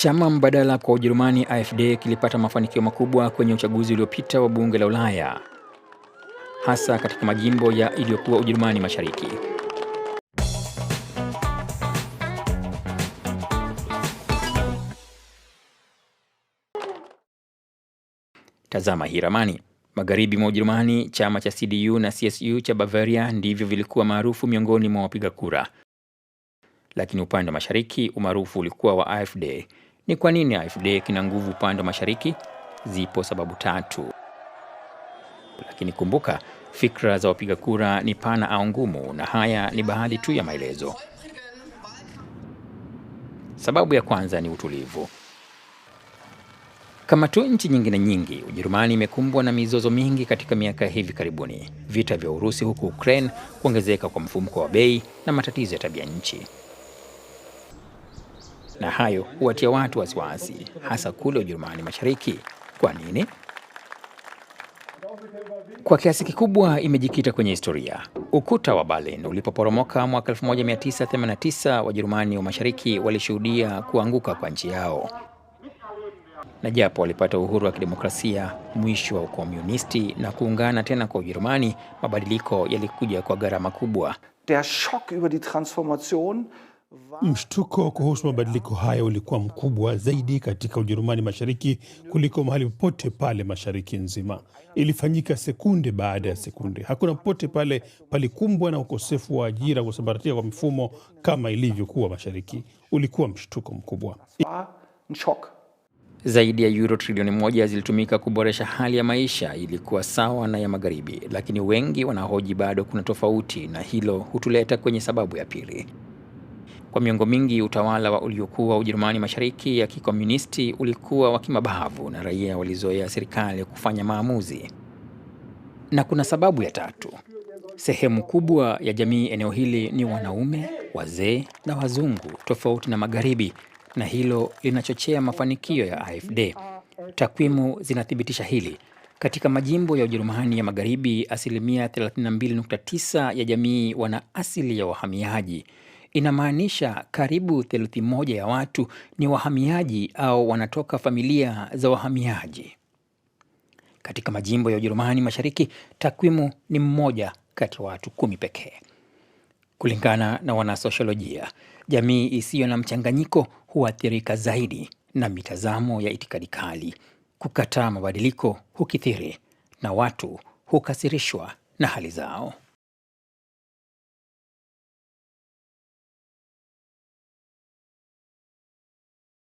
Chama mbadala kwa Ujerumani AfD kilipata mafanikio makubwa kwenye uchaguzi uliopita wa bunge la Ulaya, hasa katika majimbo ya iliyokuwa Ujerumani Mashariki. Tazama hii ramani. Magharibi mwa Ujerumani, chama cha CDU na CSU cha Bavaria ndivyo vilikuwa maarufu miongoni mwa wapiga kura, lakini upande wa mashariki umaarufu ulikuwa wa AfD. Ni kwa nini AfD kina nguvu upande wa mashariki? Zipo sababu tatu, lakini kumbuka, fikra za wapiga kura ni pana au ngumu, na haya ni baadhi tu ya maelezo. Sababu ya kwanza ni utulivu. Kama tu nchi nyingine nyingi, Ujerumani imekumbwa na mizozo mingi katika miaka hivi karibuni: vita vya Urusi huko Ukraine, kuongezeka kwa mfumko wa bei na matatizo ya tabia nchi na hayo huwatia watu wasiwasi, hasa kule Ujerumani Mashariki. Kwa nini? Kwa kiasi kikubwa imejikita kwenye historia. Ukuta wa Berlin ulipoporomoka mwaka 1989 Wajerumani wa Mashariki walishuhudia kuanguka kwa nchi yao, na japo walipata uhuru wa kidemokrasia, mwisho wa ukomunisti na kuungana tena kwa Ujerumani, mabadiliko yalikuja kwa gharama kubwa. Der Schock über die Transformation Mshtuko kuhusu mabadiliko haya ulikuwa mkubwa zaidi katika Ujerumani Mashariki kuliko mahali popote pale mashariki nzima. Ilifanyika sekunde baada ya sekunde. Hakuna popote pale palikumbwa na ukosefu wa ajira, kusambaratika kwa mifumo kama ilivyokuwa mashariki. Ulikuwa mshtuko mkubwa. Zaidi ya euro trilioni moja zilitumika kuboresha hali ya maisha ilikuwa sawa na ya magharibi, lakini wengi wanahoji bado kuna tofauti, na hilo hutuleta kwenye sababu ya pili. Kwa miongo mingi utawala wa uliokuwa Ujerumani Mashariki ya kikomunisti ulikuwa wa kimabavu na raia walizoea serikali kufanya maamuzi. Na kuna sababu ya tatu. Sehemu kubwa ya jamii eneo hili ni wanaume, wazee na wazungu, tofauti na magharibi, na hilo linachochea mafanikio ya AfD. Takwimu zinathibitisha hili. Katika majimbo ya Ujerumani ya Magharibi, asilimia 32.9 ya jamii wana asili ya wahamiaji inamaanisha karibu theluthi moja ya watu ni wahamiaji au wanatoka familia za wahamiaji. Katika majimbo ya Ujerumani Mashariki, takwimu ni mmoja kati ya watu kumi pekee. Kulingana na wanasosiolojia, jamii isiyo na mchanganyiko huathirika zaidi na mitazamo ya itikadi kali, kukataa mabadiliko hukithiri na watu hukasirishwa na hali zao.